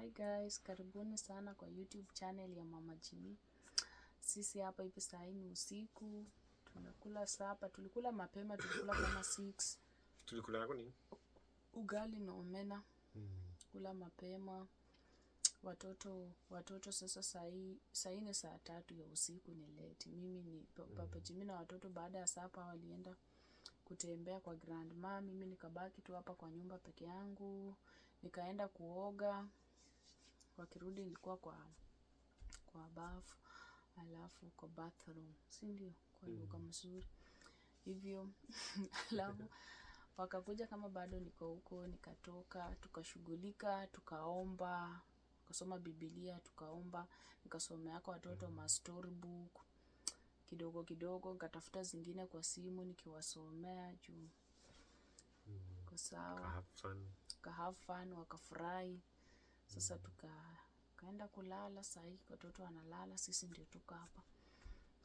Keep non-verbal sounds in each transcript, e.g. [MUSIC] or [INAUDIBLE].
Hi guys, karibuni sana kwa YouTube channel ya Mama Jimmy. Sisi hapa hivi saa hii ni usiku, tumekula sapa, tulikula mapema, tulikula kama 6. Tulikula nini? Ugali na omena. Mm. Kula mapema. Watoto watoto sasa saa hii saa ni saa tatu ya usiku ni late. Mimi ni Papa hmm. Jimmy na watoto baada ya sapa walienda kutembea kwa grandma, mimi nikabaki tu hapa kwa nyumba peke yangu, nikaenda kuoga wakirudi ilikuwa kwa kwa bafu, alafu kwa bathroom, si ndio? Kwa mm. lugha mzuri hivyo [LAUGHS] alafu wakakuja kama bado niko huko, nikatoka, tukashughulika, tukaomba, kasoma Biblia, tukaomba, kwa watoto mm. mastorybook kidogo kidogo, nikatafuta zingine kwa simu nikiwasomea juu, mm. kwa sawa, kahafan wakafurahi sasa tukaenda kulala saa hii watoto wanalala, sisi ndio tuko hapa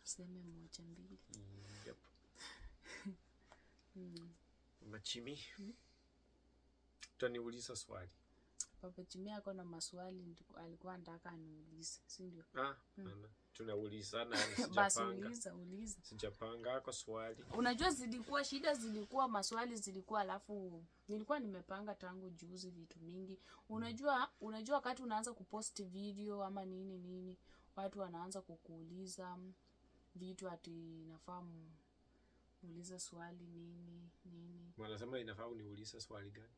seme moja mbili. Mm, yep. [LAUGHS] mm. Machimi, utaniuliza swali Papa Jumia ako na maswali alikuwa ndaka aniulize, si ndio? Ah, hmm. [LAUGHS] swali. Unajua zilikuwa shida, zilikuwa maswali zilikuwa, alafu nilikuwa nimepanga tangu juzi vitu mingi. Unajua, unajua wakati unaanza kupost video ama nini nini, watu wanaanza kukuuliza vitu ati nafahamu uliza swali nini nini, wanasema inafaa uniuliza swali gani?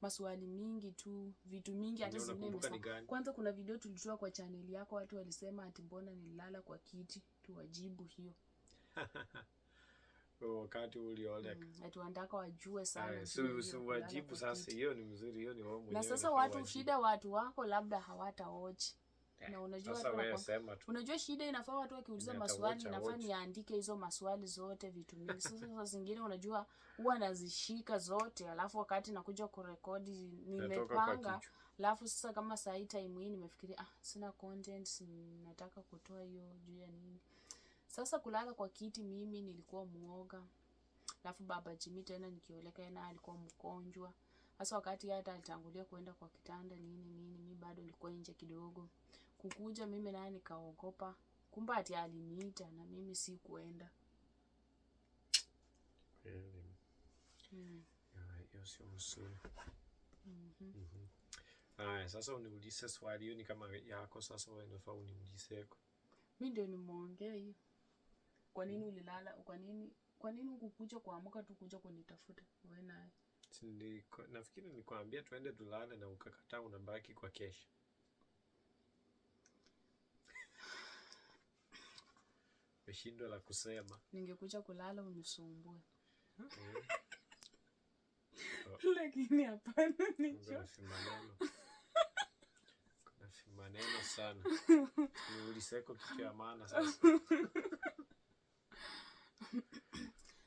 maswali mingi tu, vitu mingi, hata Kwanza kuna video tulitoa kwa channel yako, watu walisema ati mbona nilala kwa kiti, tuwajibu hiyo [LAUGHS] wakati ulioleka mm, wandaka wajue sana wajibu. Sasa hiyo ni mzuri, hiyo ni Na sasa watu shida, watu wako labda hawataochi Eh, na unajua sasa wewe sema tu. Unajua shida inafaa watu wakiuliza maswali inafaa niandike hizo maswali zote vitu mingi. Sasa sasa zingine unajua huwa nazishika zote alafu wakati nakuja kurekodi nimepanga. Alafu sasa kama saa hii time hii nimefikiria ah, sina content nataka kutoa hiyo juu ya nini. Sasa kulala kwa kiti mimi nilikuwa muoga. Alafu baba Jimmy tena nikioleka yeye alikuwa mgonjwa. Sasa wakati hata alitangulia kuenda kwa kitanda nini nini, mimi bado nilikuwa nje kidogo kukuja mimi naye nikaogopa, kumbe ati aliniita na mimi si kuenda. Hmm. Ah, sio mm-hmm. Mm-hmm. sasa uniulize swali hiyo, ni kama yako. Sasa wewe unafaa uniulize. Mimi ndio nimeongea hiyo. Kwa nini ulilala? Kwa nini kwa nini ukukuja kuamka tu kuja kunitafuta wewe naye? Nafikiri nilikwambia tuende tulale na ukakataa, unabaki kwa kesho. Umeshindwa la kusema. Ningekuja kulala unisumbue. Hmm. [LAUGHS] Lakini hapana ni maneno sana. niuliseko kitu ya maana sasa.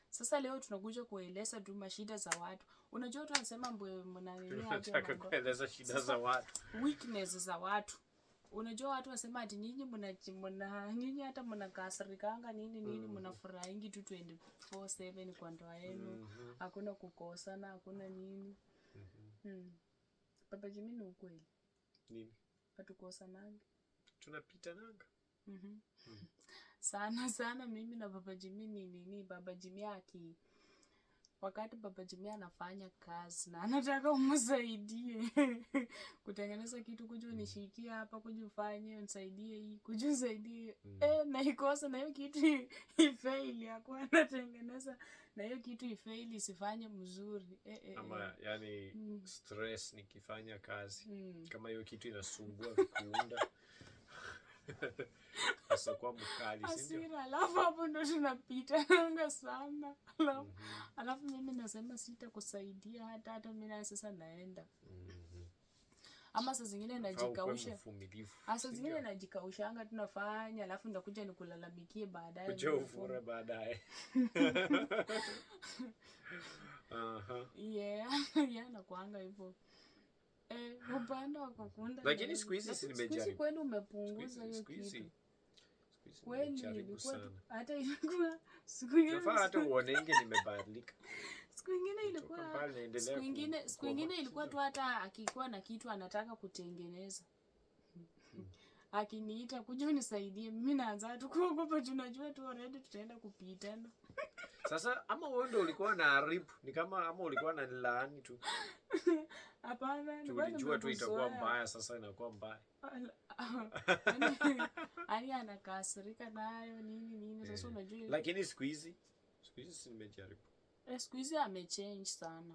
Sasa leo tunakuja kueleza tu mashida za watu. Unajua tu anasema Tunataka kueleza shida za watu, weakness za watu Unajua watu wasema ati nyinyi mna mna nyinyi hata mnakasirikanga nini nini, mnafurahingi mm. tu 24/7 kwa ndoa yenu, mm-hmm. hakuna kukosana, hakuna nini. Mm-hmm. Mm. Baba Jimmy, ni ukweli nini? Hatukosananga, tunapitananga mm-hmm. mm. sana sana, mimi na Baba Jimmy ni nini, Baba Jimmy aki wakati Baba Jimmy anafanya kazi na anataka umsaidie [LAUGHS] kutengeneza kitu, kuja unishikie mm. hapa, kuja ufanye unisaidie hii, kuju unisaidie mm. Eh, na naikosa na hiyo kitu ifeili akuwa anatengeneza na hiyo kitu ifeili isifanye mzuri eh, eh ama eh. yani mm. stress nikifanya kazi mm. kama hiyo kitu inasumbua kuunda [LAUGHS] [LAUGHS] Asakuwa mkali hasira, alafu hapo ndo tunapita anga sana, alafu mm -hmm. alafu mimi nasema sitakusaidia hata hata mimi naye sasa naenda mm -hmm. ama saa zingine najikausha, ah, saa zingine najikaushanga tunafanya, alafu ndakuja nikulalamikie baadaye, kuja ufura baadaye uh [LAUGHS] -huh. yeah [LAUGHS] yeah, nakuanga hivyo upande kwa kuunda. Lakini siku hizi si nimejaribu. umepunguza hiyo kitu. hata ilikuwa siku hiyo. Nafaa hata nimebadilika. [LAUGHS] Siku nyingine ilikuwa siku nyingine siku nyingine ilikuwa tu hata akikuwa na kitu anataka kutengeneza. Hmm. Akiniita kuja unisaidie, mimi naanza tu kuogopa, tunajua tu already tutaenda kupitana. Sasa ama wewe ndio ulikuwa na rip, ni kama ama ulikuwa na laani tu. Hapana, tulijua tu itakuwa mbaya, sasa inakuwa mbaya. Ani [LAUGHS] yaani anakasirika nayo nini nini, sasa eh, unajua. Lakini siku hizi siku hizi si nimejaribu. Eh, siku hizi amechange sana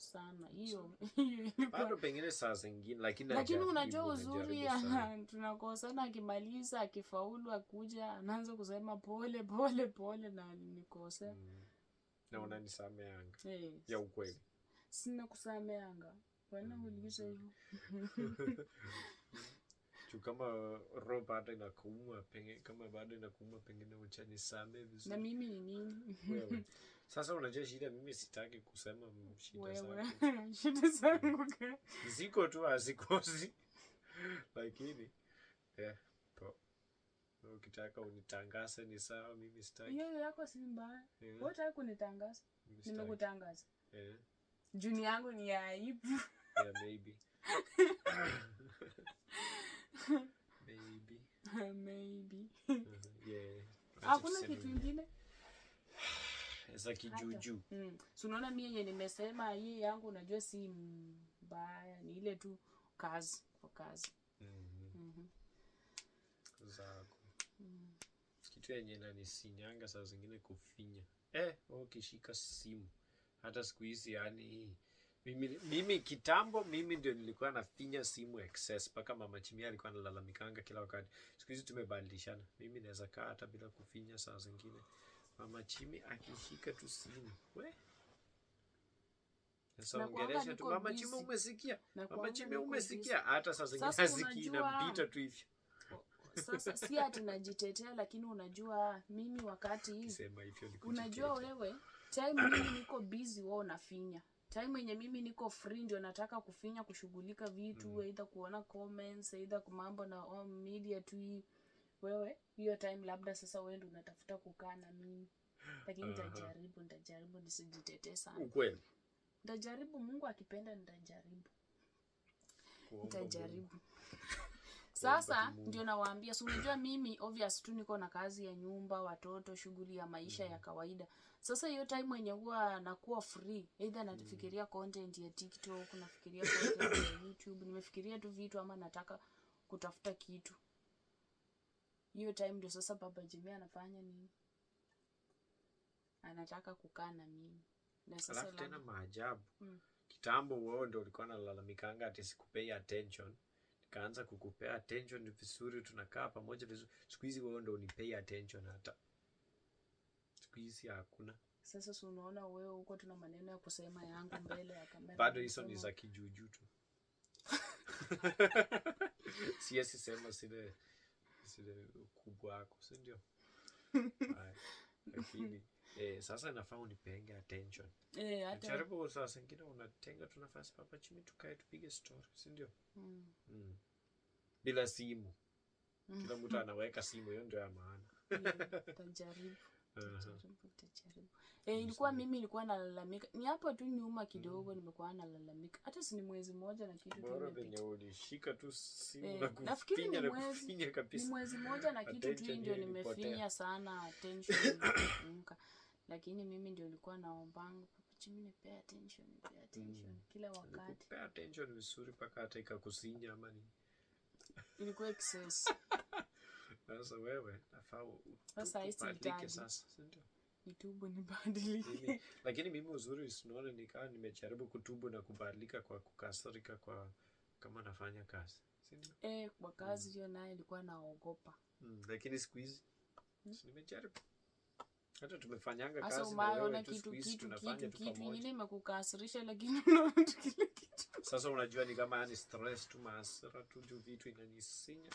sana hiyo [LAUGHS] bado pengine saa zingine, lakini lakini unajua uzuri [LAUGHS] tunakosana. Akimaliza, akifaulu, akuja anaanza kusema pole pole pole, na nikose mm. na mm. unanisameanga yes. Eh, ya ukweli sina kusameanga wana uliza hiyo kama roho bado inakuuma, pengine kama bado inakuuma, pengine uchanisame vizuri. Na mimi ni nini? [LAUGHS] Sasa unajua shida, mimi sitaki kusema shida [LAUGHS] ziko tu hazikosi, [LAUGHS] lakini eh, ukitaka unitangaze ni sawa, mimi sitaki. si mbaya, eh. wewe kunitangaza, nimekutangaza eh. juni yangu ni ya aibu. Yeah, [LAUGHS] maybe maybe maybe, uh-huh. kitu ingine za kijuujuu. Mm. So unaona mimi yenye nimesema hii yangu, unajua si mbaya, ni ile tu kazi kwa kazi mm Mm-hmm. mm. Kitu yenye nanisinanga saa zingine kufinya eh, ukishika simu hata siku hizi yani mimi, mimi kitambo mimi ndio nilikuwa nafinya simu excess mpaka mama Chimia alikuwa analalamikanga kila wakati. Siku hizi tumebadilishana, mimi naweza kaa hata bila kufinya saa zingine Mamachimi akishika tusini. We? Sasa ongelesha tu Mamachimi umesikia? Mamachimi umesikia? Hata sasa zingine haziki inapita tu hivyo. Sasa si ati najitetea, lakini unajua mimi wakati [LAUGHS] hii unajua wewe time mimi niko busy, wewe unafinya time yenye mimi niko free ndio nataka kufinya kushughulika vitu mm, aidha kuona comments aidha mambo na oh, media tu hii wewe hiyo time labda sasa wewe ndio unatafuta kukaa na mimi, lakini nitajaribu, nitajaribu nisijitetee sana. Ukweli nitajaribu, Mungu akipenda nitajaribu, nitajaribu. [LAUGHS] Sasa ndio nawaambia, si unajua mimi obvious tu niko na kazi ya nyumba, watoto, shughuli ya maisha mm. ya kawaida. Sasa hiyo time yenye huwa nakuwa free, either nafikiria mm. content ya TikTok, nafikiria content ya YouTube, nimefikiria tu vitu ama nataka kutafuta kitu hiyo time ndio sasa Baba Jimmy anafanya nini? Anataka kukaa na mimi. Na sasa alafu tena maajabu. Mm. Kitambo wewe ndio ulikuwa nalalamikanga ati sikupei attention. Nikaanza kukupea attention vizuri, tunakaa pamoja vizuri. Siku hizi wewe ndio unipei attention hata. Siku hizi hakuna. Sasa si unaona wewe huko tuna maneno ya kusema yangu mbele ya kamera. Bado hizo ni za [LAUGHS] kijuju tu. [LAUGHS] Siyesi sema sile akasiri ukubwa wako, si ndio? [LAUGHS] Lakini eh, sasa inafaa unipenge attention eh, hata jaribu sasa. Singine unatenga tu nafasi papa chini, tukae tupige story, si ndio? mm. mm. bila simu mm. Kila mtu anaweka simu, hiyo ndio ya maana. [LAUGHS] Tajaribu, tajaribu, tajaribu. Eh, ilikuwa mimi nilikuwa nalalamika. Ni hapo tu nyuma kidogo mm. nimekuwa nalalamika. Hata si ni mwezi mmoja na kitu tu nimepita. Ulishika tu simu eh, na kufinya na kufinya kabisa. Ni mwezi mmoja na kitu tu ndio nimefinya sana attention Lakini mimi ndio nilikuwa naombanga papachi mimi nipe attention, nipe attention mm. kila wakati. pay attention vizuri paka hata ikakusinya ama ni. Ilikuwa excess. [LAUGHS] Sasa wewe nafaa. Sasa hizi sasa, si ndio? nitubu nibadilike. Lakini mimi uzuri, sinaona nikawa nimejaribu kutubu na kubadilika kwa kukasirika kwa kama nafanya kazi, si ndio? Eh, kwa kazi mm. hiyo mm. naye ilikuwa naogopa. Mm, lakini siku hizi mm. nimejaribu hata tumefanyanga kazi. na Sasa unaona kitu kitu kitu kitu ingine imekukasirisha, lakini [LAUGHS] unaona kitu kitu. Sasa unajua ni kama yani stress tu, maasira tu, vitu inanisinya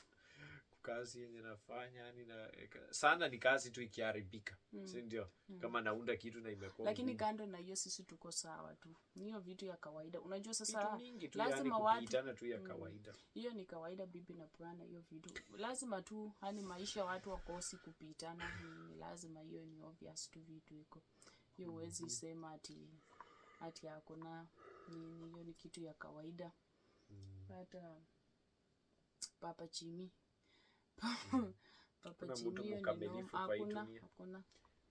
kazi yenye nafanya yani na, sana ni kazi tu ikiharibika mm. si ndio mm. kama naunda kitu na imekuwa lakini mgumu. kando na hiyo sisi tuko sawa tu, hiyo vitu ya kawaida unajua sasa tu, lazima yani watu tu ya mm. kawaida hiyo mm. ni kawaida bibi na bwana, hiyo vitu lazima tu, yani maisha watu wakosi kupitana ni lazima, hiyo ni obvious tu vitu iko hiyo, huwezi mm -hmm. sema ati ati hakuna nini, hiyo ni kitu ya kawaida mm. hata Papa Chimi [LAUGHS]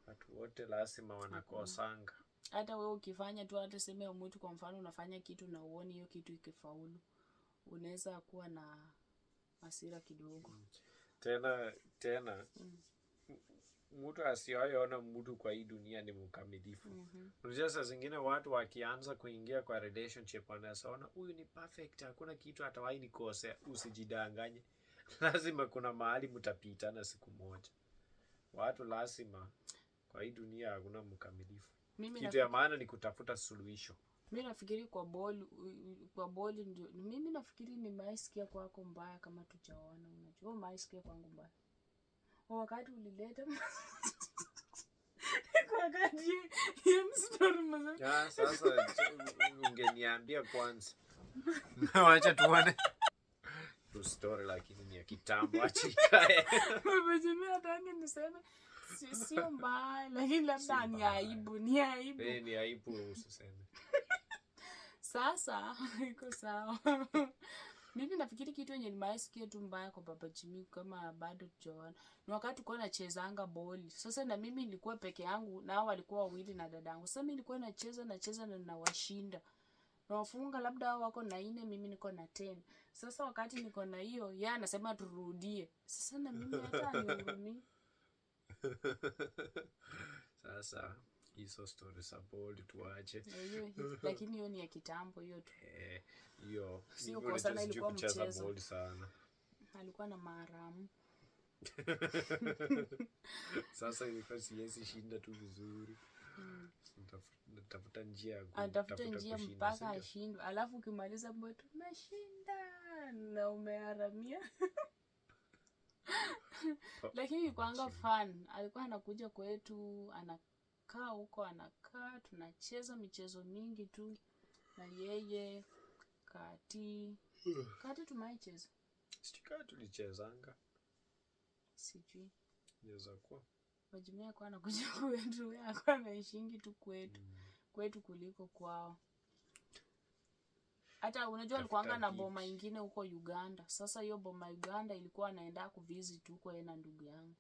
Watu wote lazima wanakosanga. Hata wewe ukifanya tu, hata sema mtu kwa mfano unafanya kitu na uone hiyo kitu ikifaulu, unaweza kuwa na hasira kidogo. Mm. Tena tena mm. Mtu asiyoona mtu kwa hii dunia ni mkamilifu. Mm -hmm. Unajua saa zingine watu wakianza kuingia kwa relationship wanasaona huyu ni perfect, hakuna kitu atawahi nikosea. Usijidanganye. [LAUGHS] lazima kuna mahali mtapitana siku moja. Watu lazima, kwa hii dunia hakuna mkamilifu. Kitu ya maana ni kutafuta suluhisho. Mi nafikiri kwa boli, kwa boli ndio mimi nafikiri ni maisikia kwako mbaya kama tujaona. Unajua maisikia kwangu mbaya kwa wakati ulileta [LAUGHS] wakati ya Ya sasa, ungeniambia kwanza, [LAUGHS] wacha tuone story lakini [LAUGHS] ya kitambo achika tani niseme sio mbaya lakini labda ni aibu ni aibu eh, ni aibu usiseme sasa [LAUGHS] iko sawa [LAUGHS] mimi nafikiri kitu yenye nimewahi tu mbaya kwa baba Jimmy kama bado tujaona ni wakati ulikuwa nachezanga boli. Sasa na mimi nilikuwa peke yangu nao walikuwa wawili na dadangu. Sasa mimi nilikuwa nacheza nacheza na nawashinda na na wafunga labda wao wako na nne, mimi niko na ten. Sasa wakati niko na hiyo, ya anasema turudie. Sasa na mimi hata anihurumi. [LAUGHS] Sasa hizo story za bold tuache, lakini hiyo ni ya kitambo hiyo tu. Eh, hiyo sio kwa sana, ilikuwa mchezo sana, alikuwa na maramu [LAUGHS] sasa ilikuwa siwezi shinda tu vizuri mm. njia, anatafuta njia mpaka ashindwe, alafu ukimaliza mbwe tumeshinda na umeharamia lakini kwanga fan alikuwa anakuja kwetu, anakaa huko, anakaa tunacheza michezo mingi tu na yeye. Kati [SIGHS] kati tumaicheza, sijui kaa tulichezanga, sijui inaweza kuwa Wajumia kwa anakuja kwetu, anakuwa anaishingi tu kwetu mm. kwetu kuliko kwao. Hata unajua alikuanga na boma ingine huko Uganda. Sasa hiyo boma Uganda ilikuwa anaenda kuvisit huko yeye na ndugu yangu.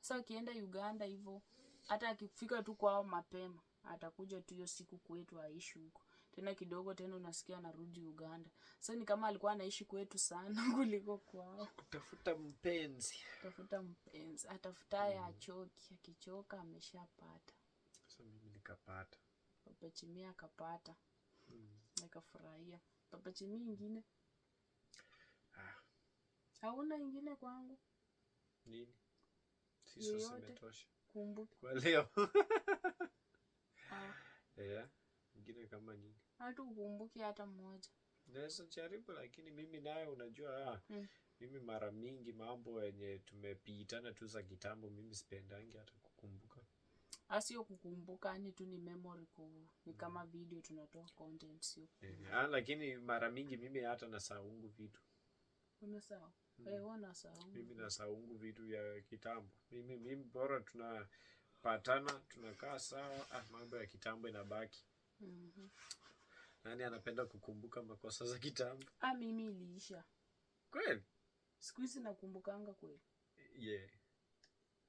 Sasa akienda Uganda hivyo, hata akifika tu kwao mapema, atakuja tu hiyo siku kwetu aishi huko tena kidogo tena unasikia anarudi Uganda. So ni kama alikuwa anaishi kwetu sana [LAUGHS] kuliko kwao. Kutafuta mpenzi, kutafuta mpenzi atafutaye mm. Achoki, akichoka ameshapata. Sasa mimi nikapata papachimia, akapata mm. Papa papachimia ingine ah. Hauna ingine kwangu nini? Kumbuka kwa leo [LAUGHS] ah. Yeah. Ingine kama nini? hata ukumbuki hata mmoja. Naweza jaribu, lakini mimi naye unajua mm. Mimi mara mingi mambo yenye tumepitana tu za kitambo, mimi sipendangi hata kukumbuka, asio ah, kukumbuka, ni yaani tu ni memory ku ni kama mm. video tunatoa content, sio eh, ah, Lakini mara mingi mimi hata nasaungu vitu unasahau hmm. eh, mimi nasaungu vitu ya kitambo. Mimi mimi bora tunapatana tunakaa sawa, ah, mambo ya kitambo inabaki. Mhm. mm nani anapenda kukumbuka makosa za kitambo? Ah, mimi iliisha. Kweli? Siku hizi nakumbukanga kweli. Yeah.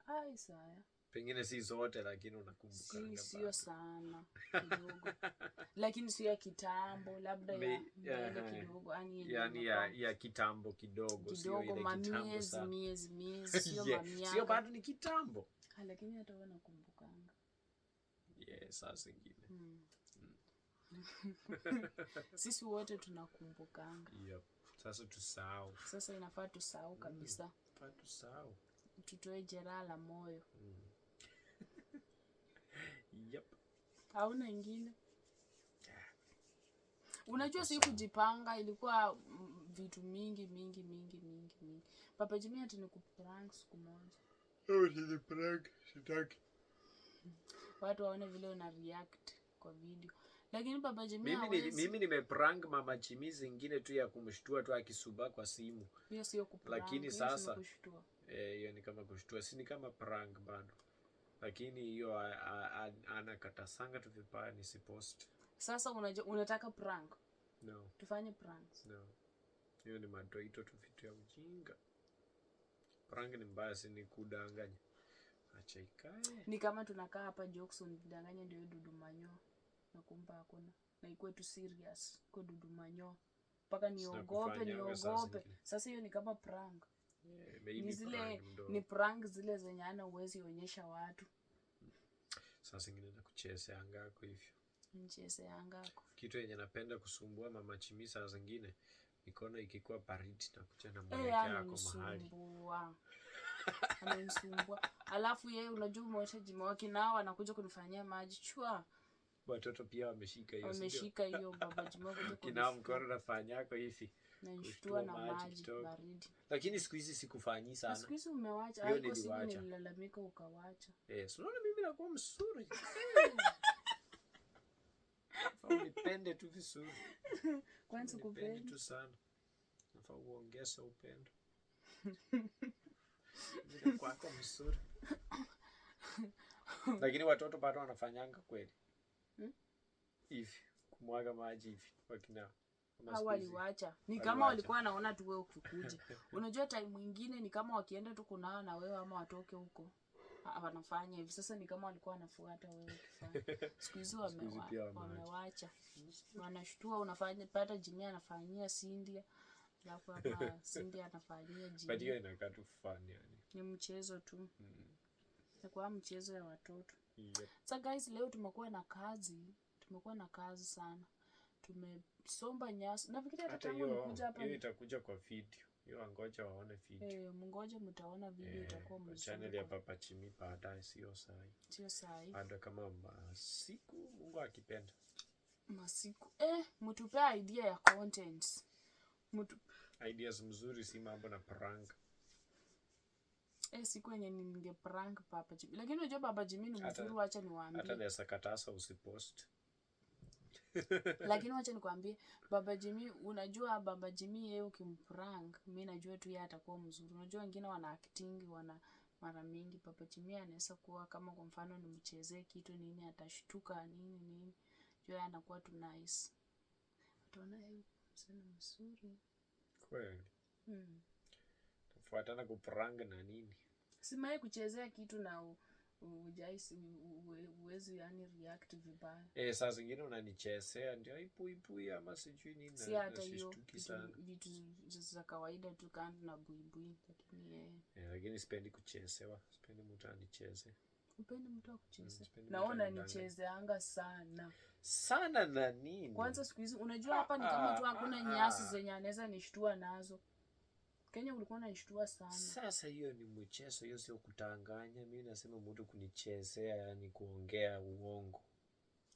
Ai, saya. Pengine si zote lakini unakumbuka. Si, sio sana kidogo. [LAUGHS] Lakini sio ya kitambo, labda Me, ya mbele eh, kidogo, yani yani ya, ya kitambo kidogo, sio ile kitambo sana. Miezi miezi [LAUGHS] sio yeah. Mamiaka. Sio bado ni kitambo. Ha, ah, lakini hata wewe nakumbukanga. Yeah, saa zingine. Hmm. [LAUGHS] sisi wote tunakumbukanga. Yep. Sasa tusahau, sasa inafaa tusahau mm-hmm. kabisa, mm, tusahau, tutoe jeraha la moyo mm. [LAUGHS] Yep. Hauna ingine yeah. Unajua si kujipanga ilikuwa mm, vitu mingi mingi mingi mingi mingi. Papa Jimmy ati kuprank siku moja. Oh, prank, sitaki. Watu waone vile una react kwa video. Lakini Baba Jimmy mimi, ni, mimi nimeprank Mama Jimmy zingine tu ya kumshtua tu akisuba kwa simu. Hiyo sio kuprank. Lakini sasa eh, hiyo ni kama kushtua, si ni kama prank bado. Lakini hiyo ana anakatasanga tu vipaya vibaya nisipost. Sasa unajua unataka prank? No. Tufanye pranks. No. Hiyo ni madoito tu vitu ya ujinga. Prank ni mbaya, si ni kudanganya. Acha ikae. Ni kama tunakaa hapa jokes unidanganya ndio Dudu Manyo na kumbe hakuna na ikuwe tu serious kwa dudumanyo mpaka niogope niogope. Sasa hiyo ni kama prank yeah, ni zile ni prank zile zenye ana uwezi onyesha watu. Sasa ingine na kuchezea angako hivyo mchezea angako, kitu yenye napenda kusumbua mama Chimi saa zingine mikono ikikuwa baridi na kucha na mwelekeo eh, yako mahali ananisumbua, alafu yeye unajua, mwoshaji mawaki nao anakuja kunifanyia maji chua watoto pia wameshika hiyo, wameshika hiyo babaji [LAUGHS] moja kina mkono na fanya fanyako hivi nashtua na maji baridi, lakini siku hizi sikufanyi sana. Siku hizi umewacha, hiyo haiko siku lalamika ukawacha. Eh, yes, unaona mimi nakuwa msuri [LAUGHS] unipende tu vizuri, [LAUGHS] kwani sikupendi tu sana, nafaa uongeza upendo kwako msuri. lakini watoto bado wanafanyanga kweli hivi kumwaga maji hivi wakina hao waliwacha, ni kama walikuwa wanaona tu wewe ukikuja. [LAUGHS] Unajua time mwingine ni kama wakienda tu kunao na wewe ama watoke huko wanafanya hivi. Sasa ni kama walikuwa wanafuata wewe ukifanya. [LAUGHS] Siku hizi wamewacha, wanashtua. Unafanya pata Jimmy anafanyia Cindy, alafu hapa [LAUGHS] Cindy anafanyia Jimmy. But inakaa tu fun yani, ni mchezo tu mm. Ni kwa mchezo ya watoto yep. Sasa guys, leo tumekuwa na kazi tumekuwa na kazi sana, tumesomba nyasi. Nafikiria hata tangu nikuja hapa hiyo itakuja kwa video hiyo, angoja waone video eh, mngoja mtaona video eh, itakuwa mzuri. Channel ya Papa Chimbi baadaye, sio sahi, sio sahi, hata kama masiku Mungu akipenda masiku eh, mtupe idea ya contents mtu ideas mzuri, si mambo na prank eh, siku yenye ninge prank Papa Jimmy, lakini unajua Papa Jimmy ni mzuri, wacha niwaambie hata naweza katasa usipost lakini wacha nikwambie Baba Jimmy, unajua Baba Jimmy yeye ukimprank, mimi najua tu yeye atakuwa mzuri. Unajua wengine wana acting, wana mara mingi Baba Jimmy anaweza kuwa kama kwa mfano nimchezee kitu nini atashtuka nini nini. Jua anakuwa tu nice. Utaona yeye msana mzuri. Kweli. Mm. Tufuatana kuprank na nini? Simaye kuchezea kitu na u ujaisi uwezi yani react vibaya. Eh, saa zingine unanichezea ndio ipuipui ama sijui nini, si hata hiyo vitu za kawaida tu kando na buibui, lakini eh, eh, lakini sipendi kuchezewa, sipendi mtu anicheze. Upendi mtu akucheze? Mm, naona nichezeanga sana sana na nini. Kwanza siku hizi unajua hapa ni kama ah, tu hakuna ah, nyasi ah, zenye anaweza nishtua nazo Kenya ulikuwa unaishtua sana. Sasa hiyo ni mchezo, hiyo sio kutanganya. Mimi nasema mtu kunichezea, yani kuongea uongo.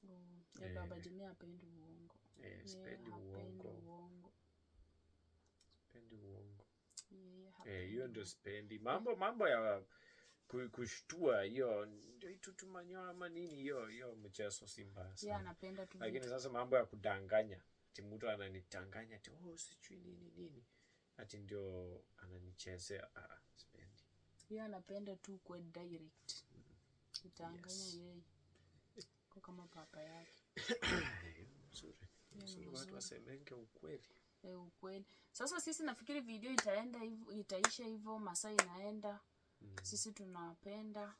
Oh, ya eh. baba Jimmy apendi uongo. Eh, sipendi uongo. Sipendi uongo. Eh, hiyo ndio sipendi. Mambo mambo ya kushtua hiyo ndio itu itutumanyoa ama nini, hiyo hiyo mchezo si mbaya sana. Yeah, anapenda tu. Lakini sasa mambo ya kudanganya, ati mtu ananitanganya ati oh sijui nini nini ati ndio ananichezea. Ah, ah sipendi hiyo. Anapenda tu kwa direct, itaanganya yes. Yeye kwa kama papa yake mzuri mzuri, watu wasemenge ukweli e, ukweli. Sasa sisi nafikiri video itaenda hivyo, itaisha hivyo, masaa inaenda mm. Sisi tunawapenda